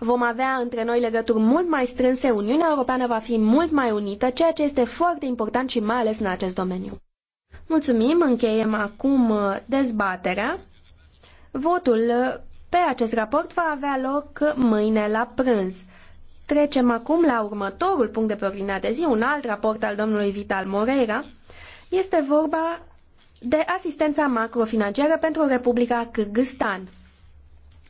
Vom avea între noi legături mult mai strânse, Uniunea Europeană va fi mult mai unită, ceea ce este foarte important și mai ales în acest domeniu. Mulțumim, încheiem acum uh, dezbaterea. Votul uh, pe acest raport va avea loc mâine la prânz. Trecem acum la următorul punct de pe ordinea de zi, un alt raport al domnului Vital Moreira. Este vorba de asistența macrofinanciară pentru Republica Kyrgyzstan.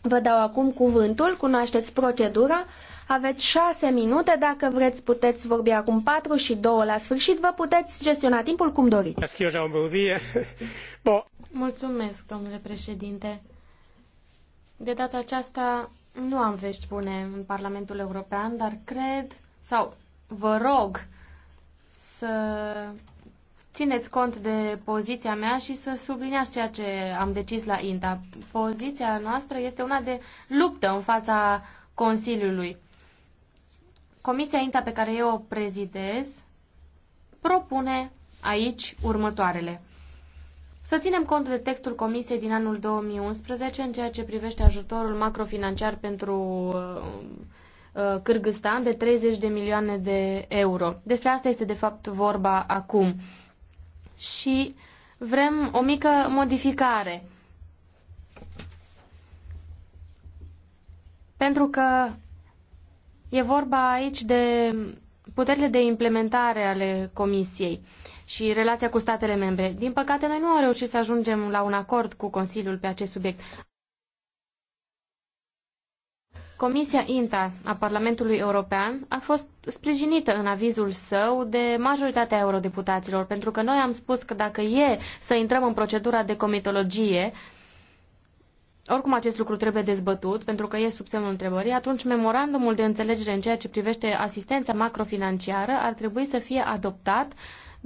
Vă dau acum cuvântul, cunoașteți procedura, aveți șase minute, dacă vreți puteți vorbi acum patru și două la sfârșit, vă puteți gestiona timpul cum doriți. Mulțumesc, domnule președinte. De data aceasta nu am vești bune în Parlamentul European, dar cred, sau vă rog, să țineți cont de poziția mea și să subliniați ceea ce am decis la INTA. Poziția noastră este una de luptă în fața Consiliului. Comisia INTA pe care eu o prezidez propune aici următoarele. Să ținem cont de textul Comisiei din anul 2011 în ceea ce privește ajutorul macrofinanciar pentru uh, uh Cârgâstan de 30 de milioane de euro. Despre asta este de fapt vorba acum și vrem o mică modificare. Pentru că e vorba aici de puterile de implementare ale Comisiei și relația cu statele membre. Din păcate, noi nu am reușit să ajungem la un acord cu Consiliul pe acest subiect. Comisia INTA a Parlamentului European a fost sprijinită în avizul său de majoritatea eurodeputaților, pentru că noi am spus că dacă e să intrăm în procedura de comitologie, oricum acest lucru trebuie dezbătut, pentru că e sub semnul întrebării, atunci memorandumul de înțelegere în ceea ce privește asistența macrofinanciară ar trebui să fie adoptat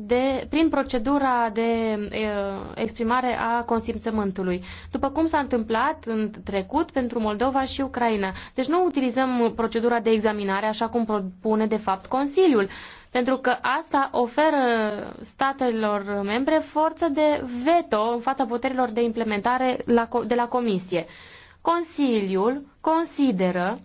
de, prin procedura de uh, exprimare a consimțământului, după cum s-a întâmplat în trecut pentru Moldova și Ucraina. Deci nu utilizăm procedura de examinare așa cum propune de fapt Consiliul, pentru că asta oferă statelor membre forță de veto în fața puterilor de implementare la, de la Comisie. Consiliul consideră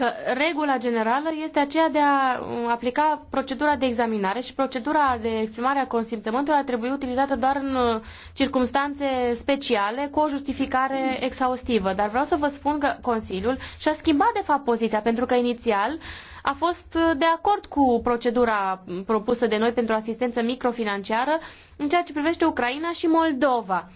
că regula generală este aceea de a uh, aplica procedura de examinare și procedura de exprimare a consimțământului ar trebui utilizată doar în uh, circunstanțe speciale cu o justificare exhaustivă. Dar vreau să vă spun că Consiliul și-a schimbat de fapt poziția pentru că inițial a fost uh, de acord cu procedura propusă de noi pentru asistență microfinanciară în ceea ce privește Ucraina și Moldova.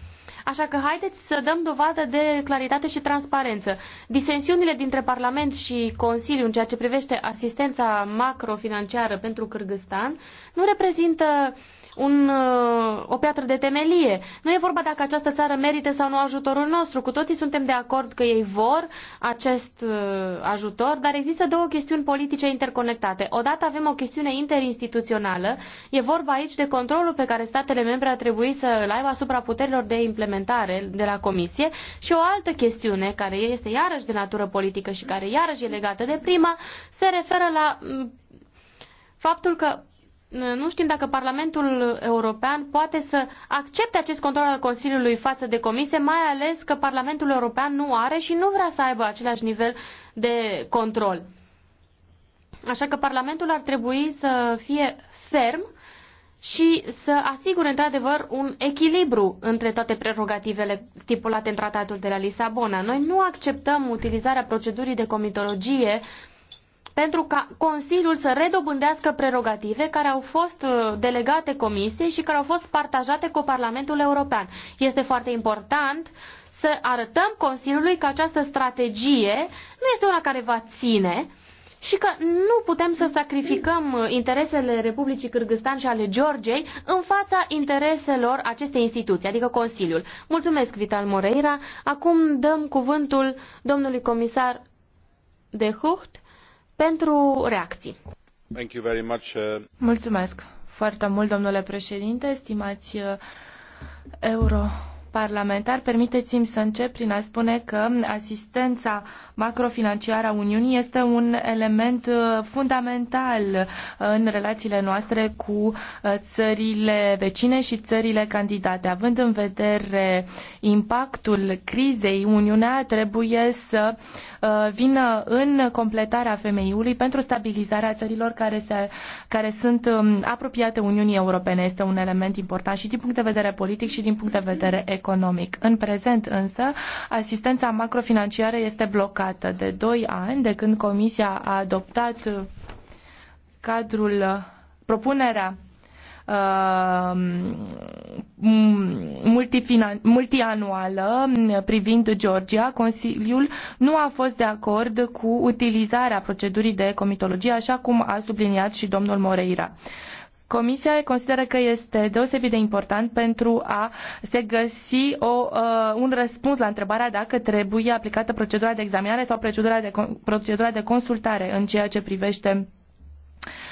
Așa că haideți să dăm dovadă de claritate și transparență. Disensiunile dintre Parlament și Consiliu în ceea ce privește asistența macrofinanciară pentru Kyrgyzstan nu reprezintă uh, un, uh, o piatră de temelie. Nu e vorba dacă această țară merită sau nu ajutorul nostru. Cu toții suntem de acord că ei vor acest uh, ajutor, dar există două chestiuni politice interconectate. Odată avem o chestiune interinstituțională. E vorba aici de controlul pe care statele membre ar trebui să-l aibă asupra puterilor de implementare de la Comisie și o altă chestiune care este iarăși de natură politică și care iarăși e legată de prima se referă la mm, faptul că nu știm dacă Parlamentul European poate să accepte acest control al Consiliului față de Comisie, mai ales că Parlamentul European nu are și nu vrea să aibă același nivel de control. Așa că Parlamentul ar trebui să fie ferm și să asigure într-adevăr un echilibru între toate prerogativele stipulate în tratatul de la Lisabona. Noi nu acceptăm utilizarea procedurii de comitologie uh, pentru ca Consiliul să redobândească prerogative care au fost uh, delegate Comisiei și care au fost partajate cu Parlamentul European. Este foarte important să arătăm Consiliului că această strategie nu este una care va ține și că nu putem să sacrificăm uh, interesele Republicii Cârgâstan și ale Georgiei în fața intereselor acestei instituții, adică Consiliul. Mulțumesc, Vital Moreira. Acum dăm cuvântul domnului comisar de Hucht pentru reacții. Thank you very much. Uh, Mulțumesc foarte mult, domnule președinte, stimați uh, euro parlamentar, permiteți-mi să încep prin a spune că asistența macrofinanciară a Uniunii este un element uh, fundamental în relațiile noastre cu țările vecine și țările candidate. Având în vedere impactul crizei, Uniunea trebuie să uh, Uh, vină în completarea femeiului pentru stabilizarea țărilor care, se, care sunt um, apropiate Uniunii Europene. Este un element important și din punct de vedere politic și din punct de vedere economic. În prezent însă, asistența macrofinanciară este blocată de 2 ani de când Comisia a adoptat uh, cadrul uh, propunerea Uh, multianuală privind Georgia, Consiliul nu a fost de acord cu utilizarea procedurii de comitologie, așa cum a subliniat și domnul Moreira. Comisia consideră că este deosebit de important pentru a se găsi o, uh, un răspuns la întrebarea dacă trebuie aplicată procedura de examinare sau procedura de, procedura de consultare în ceea ce privește uh,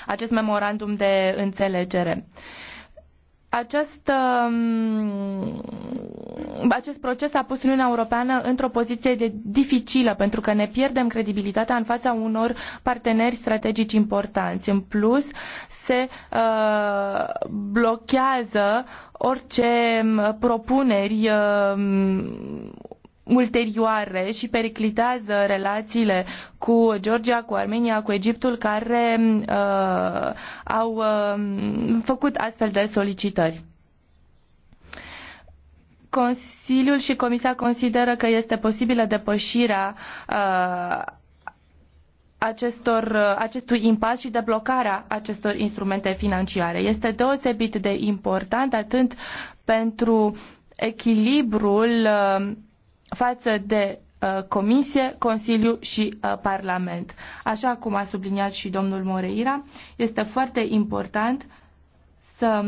acest memorandum de înțelegere. Acest, um, acest proces a pus Uniunea Europeană într-o poziție de dificilă pentru că ne pierdem credibilitatea în fața unor parteneri strategici importanți. În plus, se uh, blochează orice um, propuneri um, ulterioare și periclitează relațiile cu Georgia, cu Armenia, cu Egiptul, care uh, au uh, făcut astfel de solicitări. Consiliul și Comisia consideră că este posibilă depășirea uh, acestor, uh, acestui impas și deblocarea acestor instrumente financiare. Este deosebit de important atât pentru echilibrul uh, față de uh, Comisie, Consiliu și uh, Parlament. Așa cum a subliniat și domnul Moreira, este foarte important să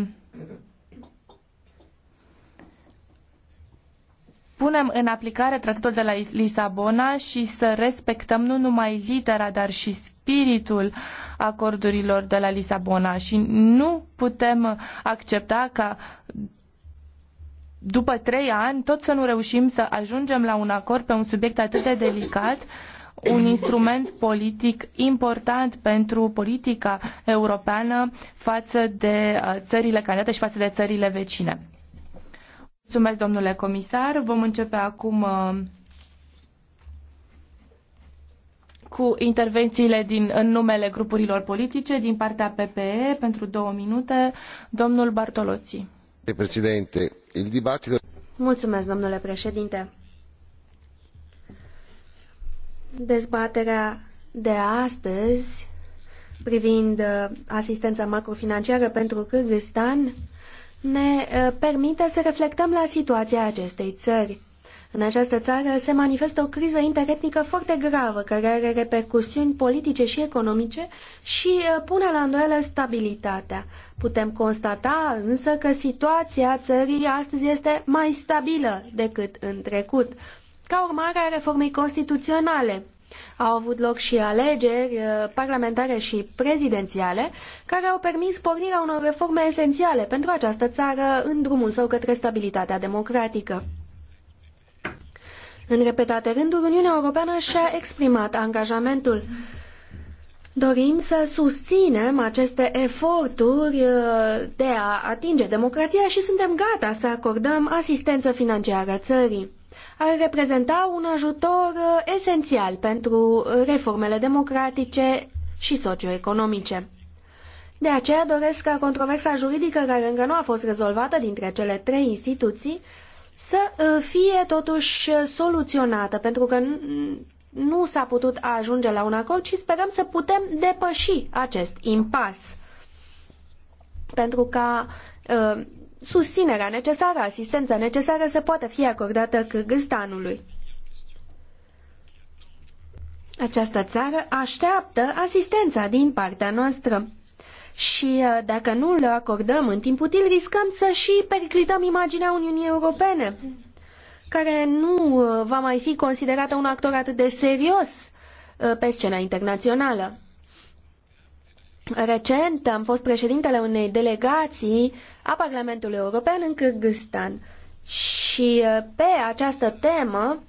punem în aplicare tratatul de la Lisabona și să respectăm nu numai litera, dar și spiritul acordurilor de la Lisabona și nu putem accepta ca după trei ani tot să nu reușim să ajungem la un acord pe un subiect atât de delicat, un instrument politic important pentru politica europeană față de uh, țările candidate și față de țările vecine. Mulțumesc, domnule comisar. Vom începe acum uh, cu intervențiile din, în numele grupurilor politice din partea PPE pentru două minute, domnul Bartoloții. Eh, domnule președinte. Dezbaterea de astăzi privind eh, asistența macrofinanciară pentru kârgâzstan ne eh, permite să reflectăm la situația acestei țări. În această țară se manifestă o criză interetnică foarte gravă, care are repercusiuni politice și economice și uh, pune la îndoială stabilitatea. Putem constata însă că situația țării astăzi este mai stabilă decât în trecut, ca urmare a reformei constituționale. Au avut loc și alegeri uh, parlamentare și prezidențiale care au permis pornirea unor reforme esențiale pentru această țară în drumul său către stabilitatea democratică. În repetate rânduri, Uniunea Europeană și-a exprimat angajamentul. Dorim să susținem aceste eforturi uh, de a atinge democrația și suntem gata să acordăm asistență financiară țării. Ar reprezenta un ajutor uh, esențial pentru reformele democratice și socioeconomice. De aceea doresc ca controversa juridică care încă nu a fost rezolvată dintre cele trei instituții să uh, fie totuși uh, soluționată, pentru că nu s-a putut ajunge la un acord și sperăm să putem depăși acest impas. Pentru ca uh, susținerea necesară, asistența necesară să poată fi acordată Kyrgyzstanului. Această țară așteaptă asistența din partea noastră. Și uh, dacă nu le acordăm în timp util, riscăm să și periclităm imaginea Uniunii Europene, care nu uh, va mai fi considerată un actor atât de serios uh, pe scena internațională. Recent am fost președintele unei delegații a Parlamentului European în Kyrgyzstan și pe această temă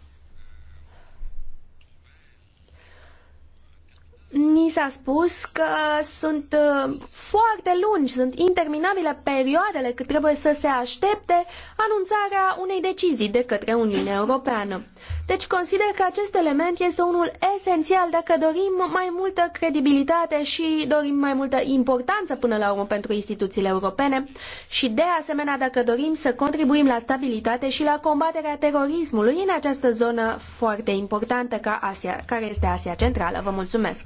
mi s-a spus că sunt uh, foarte lungi, sunt interminabile perioadele cât trebuie să se aștepte anunțarea unei decizii de către Uniunea Europeană. Deci consider că acest element este unul esențial dacă dorim mai multă credibilitate și dorim mai multă importanță până la urmă pentru instituțiile europene și de asemenea dacă dorim să contribuim la stabilitate și la combaterea terorismului în această zonă foarte importantă ca Asia, care este Asia Centrală. Vă mulțumesc!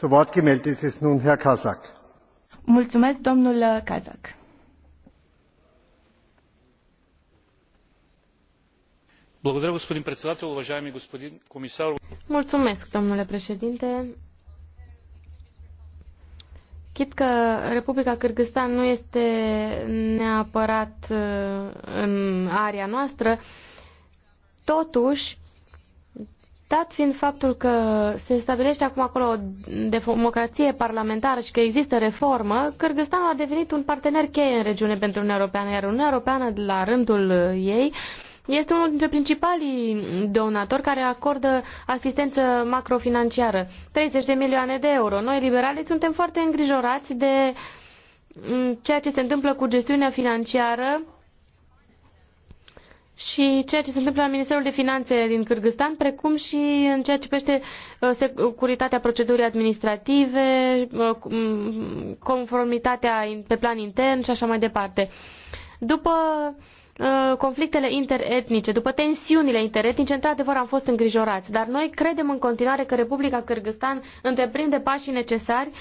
domnule Wort gemeldet ist Kazak. Mulțumesc, domnule președinte. Chit că Republica kârgâzstan nu este neapărat uh, în area noastră, totuși Dat fiind faptul că se stabilește acum acolo o democrație parlamentară și că există reformă, Cârgăstanul a devenit un partener cheie în regiune pentru Uniunea Europeană, iar Uniunea Europeană, la rândul ei, este unul dintre principalii donatori care acordă asistență macrofinanciară. 30 de milioane de euro. Noi, liberalii, suntem foarte îngrijorați de mm, ceea ce se întâmplă cu gestiunea financiară și ceea ce se întâmplă la Ministerul de Finanțe din Kyrgyzstan, precum și în ceea ce privește uh, securitatea procedurii administrative, uh, conformitatea pe plan intern și așa mai departe. După uh, conflictele interetnice, după tensiunile interetnice, într-adevăr am fost îngrijorați, dar noi credem în continuare că Republica Kyrgyzstan întreprinde pașii necesari uh,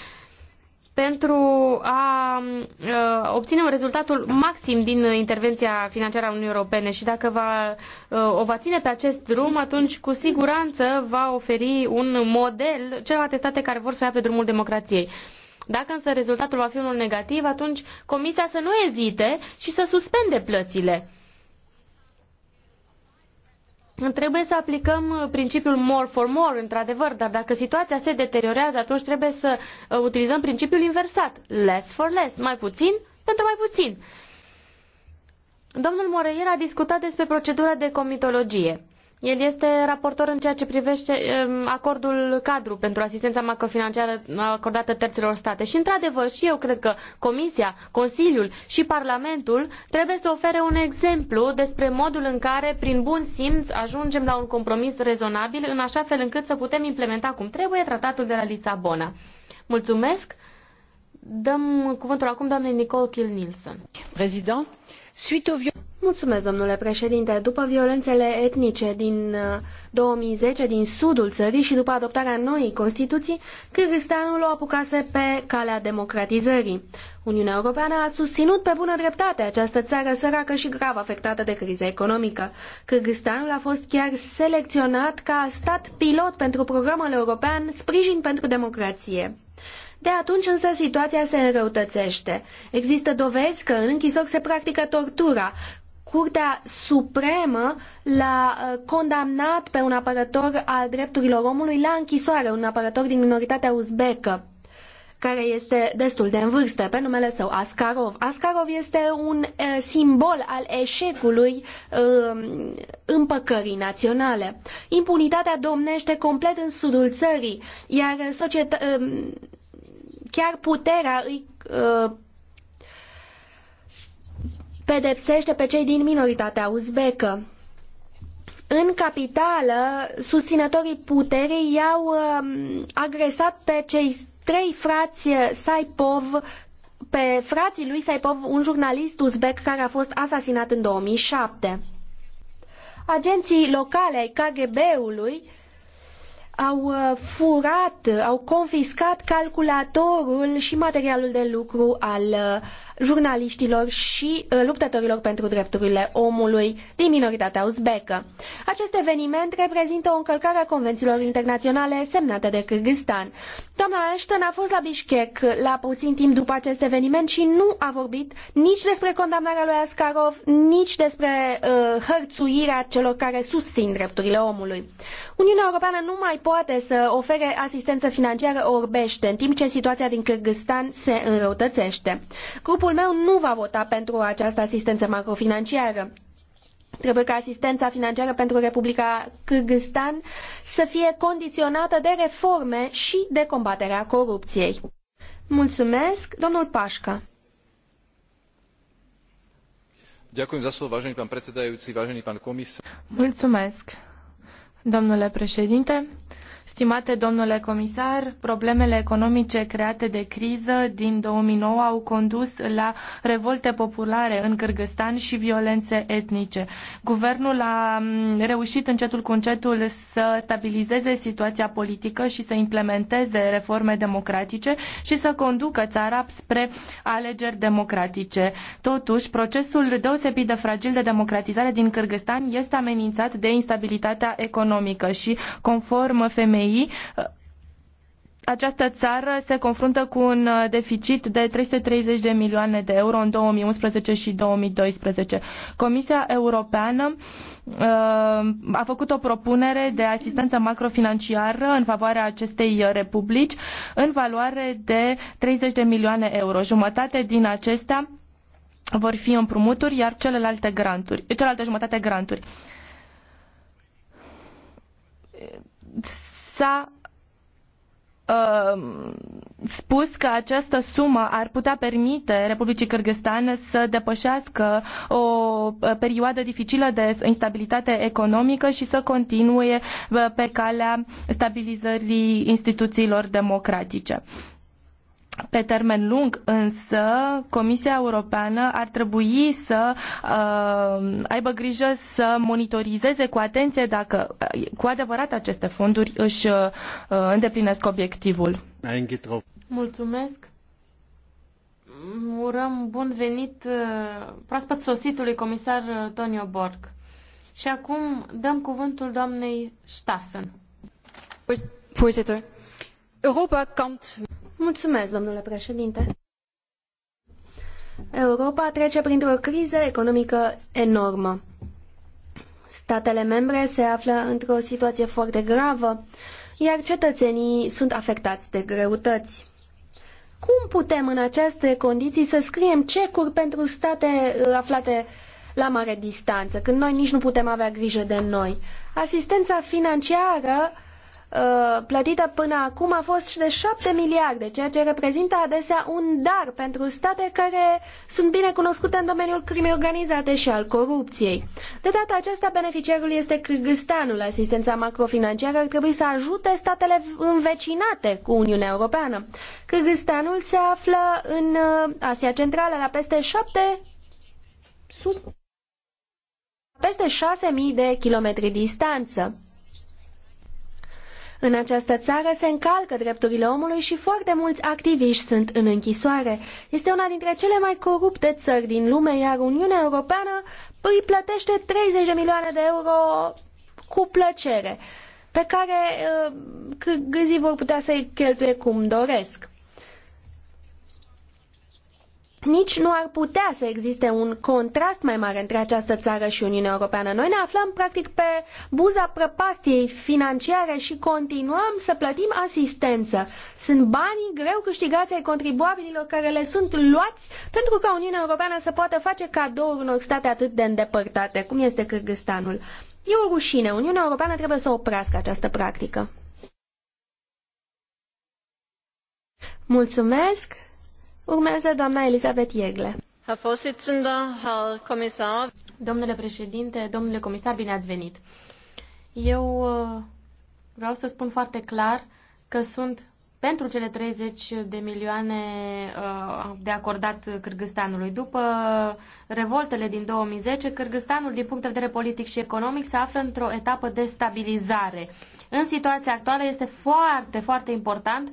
pentru a uh, obține un rezultatul maxim din intervenția financiară a Uniunii Europene și dacă va, uh, o va ține pe acest drum, atunci cu siguranță va oferi un model celorlalte state care vor să ia pe drumul democrației. Dacă însă rezultatul va fi unul negativ, atunci Comisia să nu ezite și să suspende plățile. Trebuie să aplicăm uh, principiul more for more, într-adevăr, dar dacă situația se deteriorează, atunci trebuie să uh, utilizăm principiul inversat, less for less, mai puțin pentru mai puțin. Domnul Moreira a discutat despre procedura de comitologie. El este raportor în ceea ce privește acordul cadru pentru asistența macrofinanciară acordată terților state. Și, într-adevăr, și eu cred că Comisia, Consiliul și Parlamentul trebuie să ofere un exemplu despre modul în care, prin bun simț, ajungem la un compromis rezonabil, în așa fel încât să putem implementa cum trebuie tratatul de la Lisabona. Mulțumesc! Dăm cuvântul acum doamnei Nicole Kill-Nielsen. suite au Mulțumesc, domnule președinte. După violențele etnice din 2010 uh, din sudul țării și după adoptarea noii Constituții, Kyrgyzstanul o apucase pe calea democratizării. Uniunea Europeană a susținut pe bună dreptate această țară săracă și grav afectată de criza economică. Kyrgyzstanul a fost chiar selecționat ca stat pilot pentru programul european Sprijin pentru Democrație. De atunci însă situația se înrăutățește. Există dovezi că în închisori se practică tortura, Curtea Supremă l-a uh, condamnat pe un apărător al drepturilor omului la închisoare, un apărător din minoritatea uzbecă care este destul de în vârstă, pe numele său Askarov. Askarov este un e, uh, simbol al eșecului e, um, împăcării naționale. Impunitatea domnește complet în sudul țării, iar societă, e, um, chiar puterea îi uh, pedepsește pe cei din minoritatea uzbecă. În capitală, susținătorii puterii i-au um, agresat pe cei trei frați Saipov, pe frații lui Saipov, un jurnalist uzbek care a fost asasinat în 2007. Agenții locale ai KGB-ului au uh, furat, au confiscat calculatorul și materialul de lucru al uh, jurnaliștilor și uh, luptătorilor pentru drepturile omului din minoritatea uzbecă. Acest eveniment reprezintă o încălcare a convențiilor internaționale semnate de Kyrgyzstan. Doamna Ashton a fost la Bishkek la puțin timp după acest eveniment și nu a vorbit nici despre condamnarea lui Askarov, nici despre uh, hărțuirea celor care susțin drepturile omului. Uniunea Europeană nu mai poate să ofere asistență financiară orbește, în timp ce situația din Kyrgyzstan se înrăutățește. Grupul Grupul meu nu va vota pentru această asistență macrofinanciară. Trebuie ca asistența financiară pentru Republica Kyrgyzstan să fie condiționată de reforme și de combaterea corupției. Mulțumesc, domnul Pașca. Mulțumesc, domnule președinte, Stimate domnule comisar, problemele economice create de criză din 2009 au condus la revolte populare în Kyrgyzstan și violențe etnice. Guvernul a mm, reușit încetul cu încetul să stabilizeze situația politică și să implementeze reforme democratice și să conducă țara spre alegeri democratice. Totuși, procesul deosebit de fragil de democratizare din Kyrgyzstan este amenințat de instabilitatea economică și, conform femeii, FMI. Uh, această țară se confruntă cu un uh, deficit de 330 de milioane de euro în 2011 și 2012. Comisia Europeană uh, a făcut o propunere de asistență macrofinanciară în favoarea acestei republici în valoare de 30 de milioane euro. Jumătate din acestea vor fi împrumuturi, iar celelalte granturi, celelalte jumătate granturi s-a uh, spus că această sumă ar putea permite Republicii Kyrgyzstan să depășească o uh, perioadă dificilă de instabilitate economică și să continue uh, pe calea stabilizării instituțiilor democratice. Pe termen lung, însă, Comisia Europeană ar trebui să uh, aibă grijă să monitorizeze cu atenție dacă uh, cu adevărat aceste fonduri își uh, îndeplinesc obiectivul. Mulțumesc! Urăm bun venit uh, proaspăt sositului comisar uh, Tonio Borg. Și acum dăm cuvântul doamnei Stassen. Voorzitter, Europa kampt Mulțumesc, domnule președinte. Europa trece printr-o criză economică enormă. Statele membre se află într-o situație foarte gravă, iar cetățenii sunt afectați de greutăți. Cum putem în aceste condiții să scriem cecuri pentru state uh, aflate la mare distanță, când noi nici nu putem avea grijă de noi? Asistența financiară Uh, plătită până acum a fost de 7 miliarde, ceea ce reprezintă adesea un dar pentru state care sunt bine cunoscute în domeniul crimei organizate și al corupției. De data aceasta, beneficiarul este Kyrgyzstanul. Asistența macrofinanciară ar trebui să ajute statele învecinate cu Uniunea Europeană. Kyrgyzstanul se află în uh, Asia Centrală la peste 7 sub peste 6.000 de kilometri distanță. În această țară se încalcă drepturile omului și foarte mulți activiști sunt în închisoare. Este una dintre cele mai corupte țări din lume, iar Uniunea Europeană îi plătește 30 de milioane de euro cu plăcere, pe care gâzii uh, vor putea să-i cheltuie cum doresc nici nu ar putea să existe un contrast mai mare între această țară și Uniunea Europeană. Noi ne aflăm practic pe buza prăpastiei financiare și continuăm să plătim asistență. Sunt banii greu câștigați ai contribuabililor care le sunt luați pentru ca Uniunea Europeană să poată face cadouri unor state atât de îndepărtate, cum este Kyrgyzstanul. E o rușine. Uniunea Europeană trebuie să oprească această practică. Mulțumesc! Urmează doamna Elisabeth Iegle. Domnule președinte, domnule comisar, bine ați venit. Eu uh, vreau să spun foarte clar că sunt pentru cele 30 de milioane uh, de acordat Cârgâstanului. După revoltele din 2010, Cârgâstanul, din punct de vedere politic și economic, se află într-o etapă de stabilizare. În situația actuală este foarte, foarte important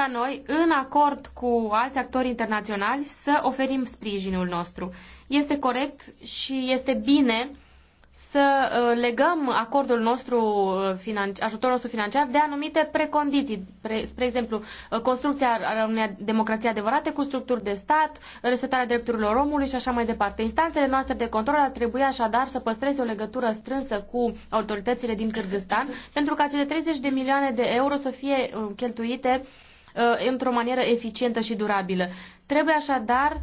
ca noi, în acord cu alți actori internaționali, să oferim sprijinul nostru. Este corect și este bine să uh, legăm acordul nostru, uh, ajutorul nostru financiar de anumite precondiții. Spre exemplu, uh, construcția unei democrații adevărate cu structuri de stat, respectarea drepturilor omului și așa mai departe. Instanțele noastre de control ar trebui așadar să păstreze o legătură strânsă cu autoritățile din Kyrgyzstan pentru ca cele 30 de milioane de euro să fie cheltuite uh, Uh, într-o manieră eficientă și durabilă. Trebuie așadar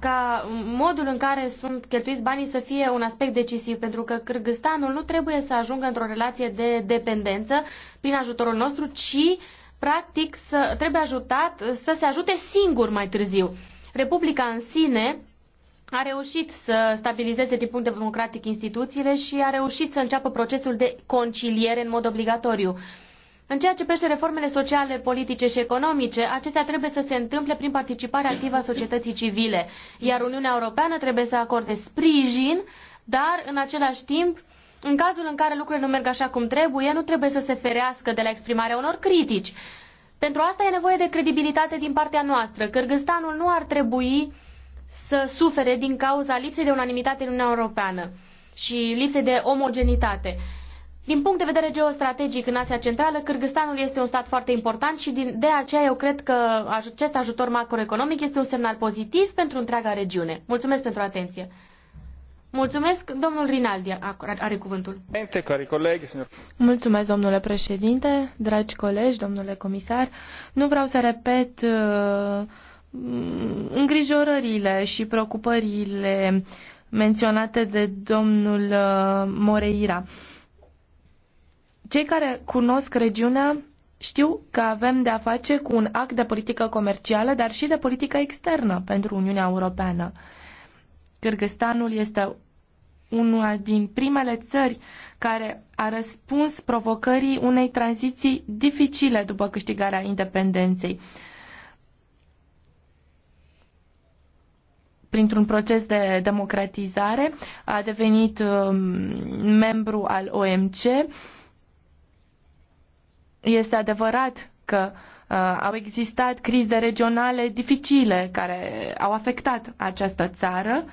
ca modul în care sunt cheltuiți banii să fie un aspect decisiv, pentru că Kyrgyzstanul nu trebuie să ajungă într-o relație de dependență prin ajutorul nostru, ci practic să, trebuie ajutat să se ajute singur mai târziu. Republica în sine a reușit să stabilizeze din punct de democratic instituțiile și a reușit să înceapă procesul de conciliere în mod obligatoriu. În ceea ce privește reformele sociale, politice și economice, acestea trebuie să se întâmple prin participarea activă a societății civile, iar Uniunea Europeană trebuie să acorde sprijin, dar în același timp, în cazul în care lucrurile nu merg așa cum trebuie, nu trebuie să se ferească de la exprimarea unor critici. Pentru asta e nevoie de credibilitate din partea noastră. Cârgăstanul nu ar trebui să sufere din cauza lipsei de unanimitate în Uniunea Europeană și lipsei de omogenitate. Din punct de vedere geostrategic în Asia Centrală, Kyrgyzstanul este un stat foarte important și din, de aceea eu cred că acest ajutor macroeconomic este un semnal pozitiv pentru întreaga regiune. Mulțumesc pentru atenție. Mulțumesc, domnul Rinaldi are cuvântul. Mulțumesc, domnule președinte, dragi colegi, domnule comisar. Nu vreau să repet uh, îngrijorările și preocupările menționate de domnul uh, Moreira. Cei care cunosc regiunea știu că avem de a face cu un act de politică comercială, dar și de politică externă pentru Uniunea Europeană. Kyrgyzstanul este una din primele țări care a răspuns provocării unei tranziții dificile după câștigarea independenței. Printr-un proces de democratizare a devenit um, membru al OMC, este adevărat că uh, au existat crize regionale dificile care au afectat această țară,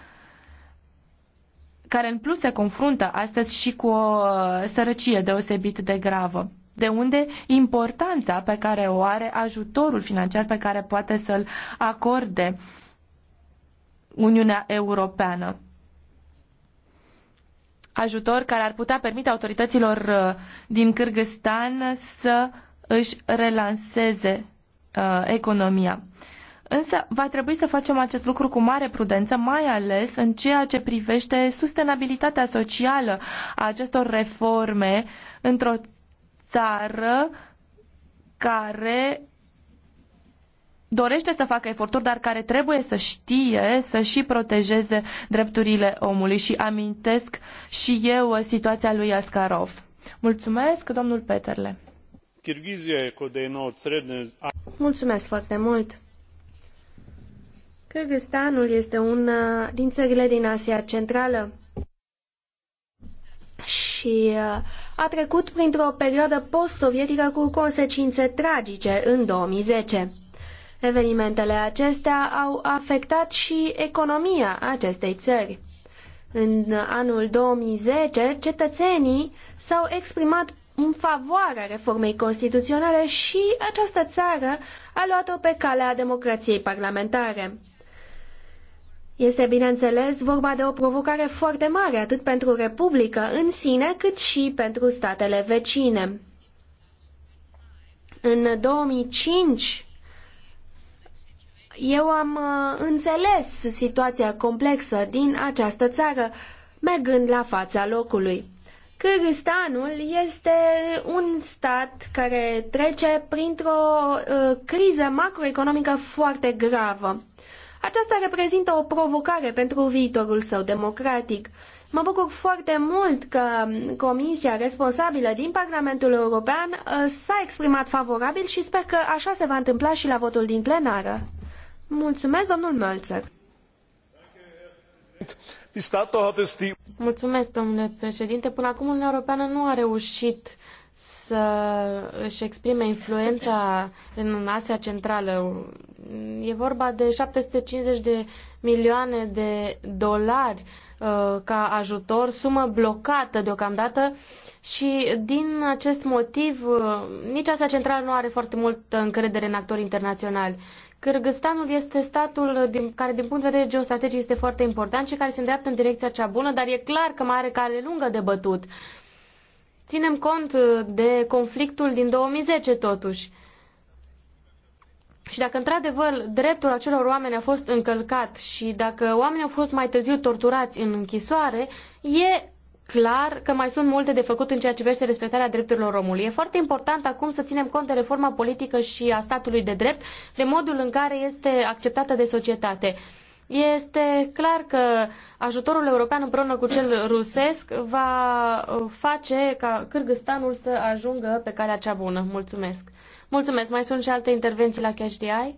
care în plus se confruntă astăzi și cu o uh, sărăcie deosebit de gravă. De unde importanța pe care o are ajutorul financiar pe care poate să-l acorde Uniunea Europeană ajutor care ar putea permite autorităților uh, din Kyrgyzstan să își relanseze uh, economia. Însă va trebui să facem acest lucru cu mare prudență, mai ales în ceea ce privește sustenabilitatea socială a acestor reforme într-o țară care dorește să facă eforturi, dar care trebuie să știe să și protejeze drepturile omului. Și amintesc și eu situația lui Askarov. Mulțumesc, domnul Peterle. Mulțumesc foarte mult. Kyrgyzstanul este una uh, din țările din Asia Centrală și uh, a trecut printr-o perioadă post-sovietică cu consecințe tragice în 2010. Evenimentele acestea au afectat și economia acestei țări. În anul 2010, cetățenii s-au exprimat în favoarea reformei constituționale și această țară a luat-o pe calea democrației parlamentare. Este, bineînțeles, vorba de o provocare foarte mare, atât pentru Republică în sine, cât și pentru statele vecine. În 2005, eu am uh, înțeles situația complexă din această țară, mergând la fața locului. Kyrgyzstanul este un stat care trece printr-o uh, criză macroeconomică foarte gravă. Aceasta reprezintă o provocare pentru viitorul său democratic. Mă bucur foarte mult că comisia responsabilă din Parlamentul European uh, s-a exprimat favorabil și sper că așa se va întâmpla și la votul din plenară. Mulțumesc, domnul Mölzer. Mulțumesc, domnule președinte. Până acum Uniunea Europeană nu a reușit să își exprime influența în Asia Centrală. E vorba de 750 de milioane de dolari uh, ca ajutor, sumă blocată deocamdată și din acest motiv uh, nici Asia Centrală nu are foarte multă încredere în actorii internaționali. Kyrgyzstanul este statul din, care, din punct de vedere geostrategic, este foarte important și care se îndreaptă în direcția cea bună, dar e clar că mai are care lungă de bătut. Ținem cont uh, de conflictul din 2010, totuși. Și dacă într-adevăr dreptul acelor oameni a fost încălcat și dacă oamenii au fost mai târziu torturați în închisoare, e clar că mai sunt multe de făcut în ceea ce privește respectarea drepturilor omului. E foarte important acum să ținem cont de reforma politică și a statului de drept, de modul în care este acceptată de societate. Este clar că ajutorul european împreună cu cel rusesc va face ca Cârgăstanul să ajungă pe calea cea bună. Mulțumesc. Mulțumesc. Mai sunt și alte intervenții la CashDI?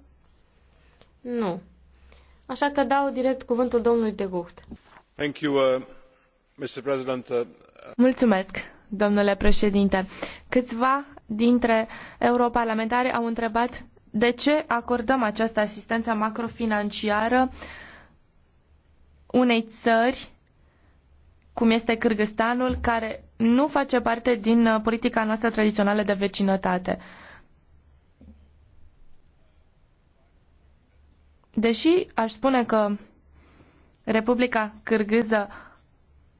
Nu. Așa că dau direct cuvântul domnului de Thank you, uh... Uh, Mulțumesc, președinte. dintre europarlamentari au întrebat de ce acordăm această asistență macrofinanciară unei țări cum este kârgâzstanul care nu face parte din uh, politica noastră tradițională de vecinătate. Deși aș spune că Republica Cârgâză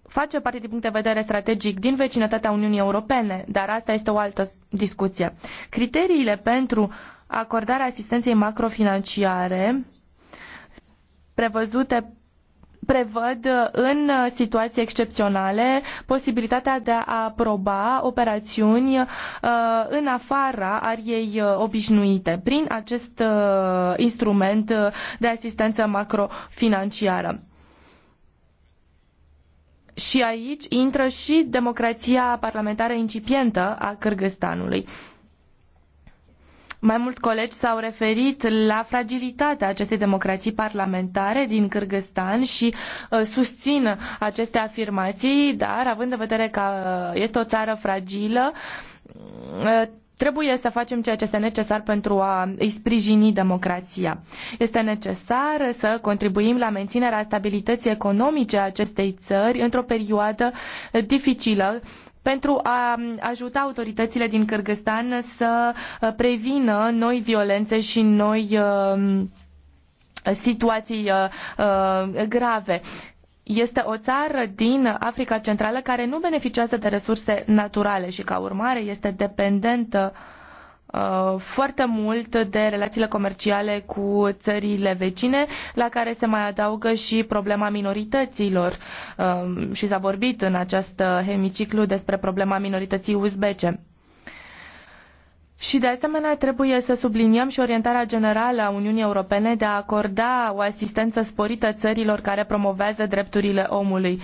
face parte din punct de vedere strategic din vecinătatea Uniunii Europene, dar asta este o altă discuție. Criteriile pentru acordarea asistenței macrofinanciare prevăzute prevăd în situații excepționale posibilitatea de a aproba operațiuni uh, în afara ariei uh, obișnuite prin acest uh, instrument de asistență macrofinanciară. Și aici intră și democrația parlamentară incipientă a Kârgăzstanului. Mai mulți colegi s-au referit la fragilitatea acestei democrații parlamentare din Kyrgyzstan și uh, susțin aceste afirmații, dar având în vedere că uh, este o țară fragilă, uh, Trebuie să facem ceea ce este necesar pentru a îi sprijini democrația. Este necesar să contribuim la menținerea stabilității economice a acestei țări într-o perioadă dificilă pentru a ajuta autoritățile din Kyrgyzstan să prevină noi violențe și noi uh, situații uh, uh, grave este o țară din Africa Centrală care nu beneficiază de resurse naturale și ca urmare este dependentă uh, foarte mult de relațiile comerciale cu țările vecine, la care se mai adaugă și problema minorităților. Uh, și s-a vorbit în acest hemiciclu despre problema minorității uzbece. Și de asemenea trebuie să subliniem și orientarea generală a Uniunii Europene de a acorda o asistență sporită țărilor care promovează drepturile omului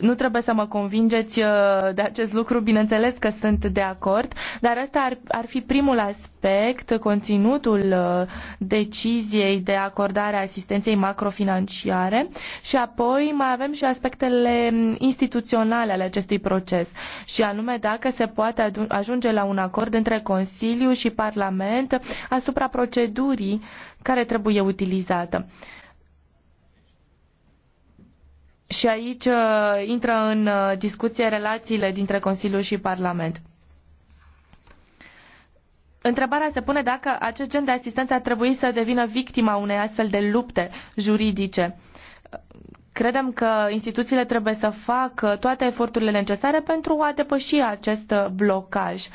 nu trebuie să mă convingeți uh, de acest lucru, bineînțeles că sunt de acord, dar ăsta ar, ar fi primul aspect, conținutul uh, deciziei de acordare a asistenței macrofinanciare și apoi mai avem și aspectele instituționale ale acestui proces și anume dacă se poate ajunge la un acord între Consiliu și Parlament asupra procedurii care trebuie utilizată. Și aici uh, intră în uh, discuție relațiile dintre Consiliu și Parlament. Întrebarea se pune dacă acest gen de asistență ar trebui să devină victima unei astfel de lupte juridice. Credem că instituțiile trebuie să facă toate eforturile necesare pentru a depăși acest uh, blocaj. Uh,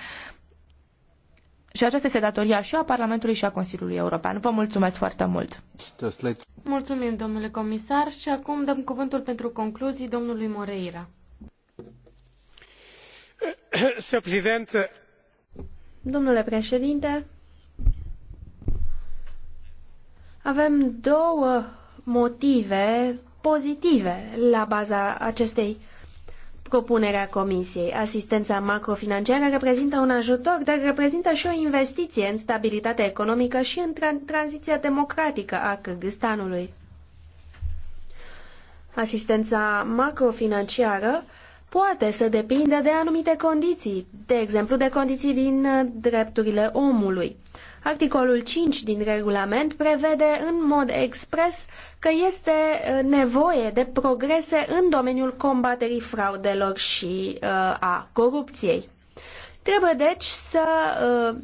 și aceasta este datoria și a Parlamentului și a Consiliului European. Vă mulțumesc foarte mult! Mulțumim, domnule comisar, și acum dăm cuvântul pentru concluzii domnului Moreira. Domnule președinte, avem două motive pozitive la baza acestei propunerea Comisiei. Asistența macrofinanciară reprezintă un ajutor, dar reprezintă și o investiție în stabilitatea economică și în tra tranziția democratică a Kyrgyzstanului. Asistența macrofinanciară poate să depindă de anumite condiții, de exemplu de condiții din drepturile omului. Articolul 5 din regulament prevede în mod expres că este uh, nevoie de progrese în domeniul combaterii fraudelor și uh, a corupției. Trebuie deci să uh,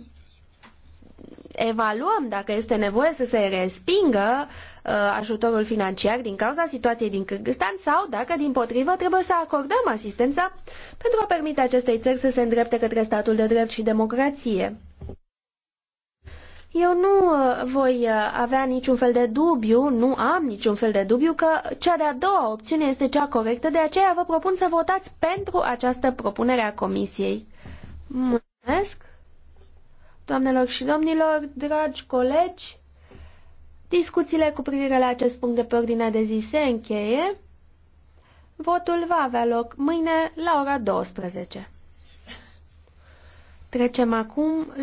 evaluăm dacă este nevoie să se respingă uh, ajutorul financiar din cauza situației din Kyrgyzstan sau dacă, din potrivă, trebuie să acordăm asistența pentru a permite acestei țări să se îndrepte către statul de drept și democrație. Eu nu uh, voi uh, avea niciun fel de dubiu, nu am niciun fel de dubiu că cea de-a doua opțiune este cea corectă, de aceea vă propun să votați pentru această propunere a Comisiei. Mulțumesc! Doamnelor și domnilor, dragi colegi, discuțiile cu privire la acest punct de pe ordinea de zi se încheie. Votul va avea loc mâine la ora 12. Trecem acum